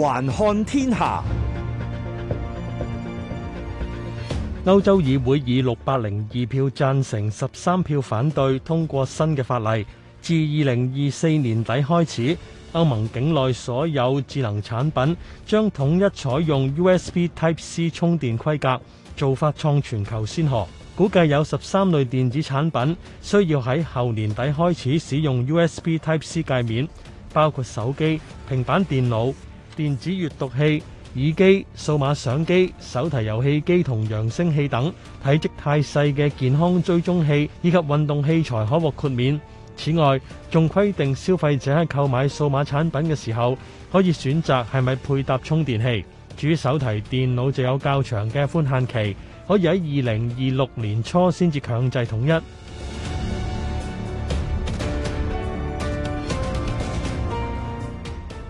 環看天下，歐洲議會以六百零二票贊成、十三票反對通過新嘅法例，自二零二四年底開始，歐盟境內所有智能產品將統一採用 USB Type C 充電規格，做法創全球先河。估計有十三類電子產品需要喺後年底開始使用 USB Type C 界面，包括手機、平板電腦。電子閱讀器、耳機、數碼相機、手提遊戲機同揚聲器等體積太細嘅健康追蹤器，以及運動器材可獲豁免。此外，仲規定消費者喺購買數碼產品嘅時候，可以選擇係咪配搭充電器。至於手提電腦就有較長嘅寬限期，可以喺二零二六年初先至強制統一。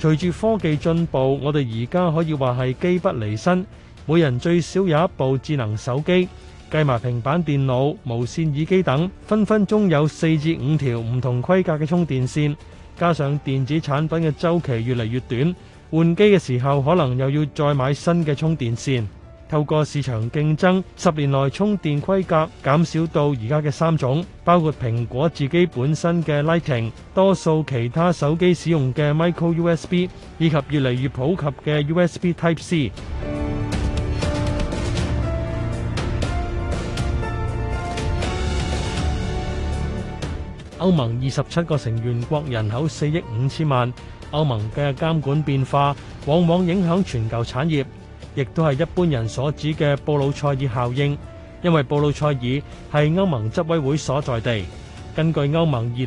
隨住科技進步，我哋而家可以話係機不離身，每人最少有一部智能手機，計埋平板電腦、無線耳機等，分分鐘有四至五條唔同規格嘅充電線，加上電子產品嘅周期越嚟越短，換機嘅時候可能又要再買新嘅充電線。透過市場競爭，十年內充電規格減少到而家嘅三種，包括蘋果自己本身嘅 Lighting，多數其他手機使用嘅 Micro USB，以及越嚟越普及嘅 USB Type C。 歐盟二十七個成員國人口四億五千萬，歐盟嘅監管變化往往影響全球產業。亦都係一般人所指嘅布魯塞爾效應，因為布魯塞爾係歐盟執委會所在地。根據歐盟2019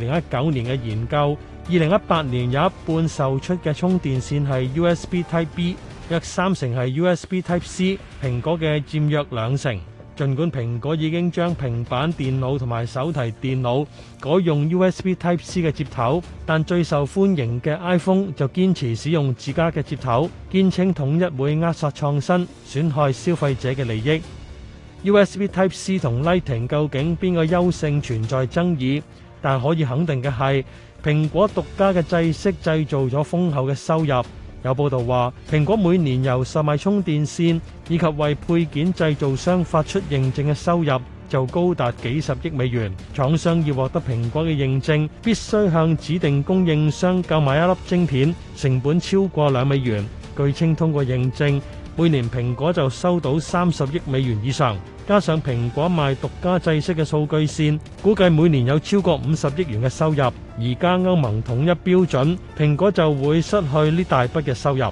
年嘅研究，2018年有一半售出嘅充電線係 USB Type B，約三成係 USB Type C，蘋果嘅佔約兩成。儘管蘋果已經將平板電腦同埋手提電腦改用 USB Type C 嘅接頭，但最受歡迎嘅 iPhone 就堅持使用自家嘅接頭，堅稱統一會扼殺創新、損害消費者嘅利益。USB Type C 同 Lightning 究竟邊個優勝存在爭議，但可以肯定嘅係蘋果獨家嘅製式製造咗豐厚嘅收入。有報道話，蘋果每年由售賣充電線以及為配件製造商發出認證嘅收入就高達幾十億美元。廠商要獲得蘋果嘅認證，必須向指定供應商購買一粒晶片，成本超過兩美元。據稱通過認證，每年蘋果就收到三十億美元以上。加上蘋果賣獨家製式嘅數據線，估計每年有超過五十億元嘅收入。而家歐盟統一標準，蘋果就會失去呢大筆嘅收入。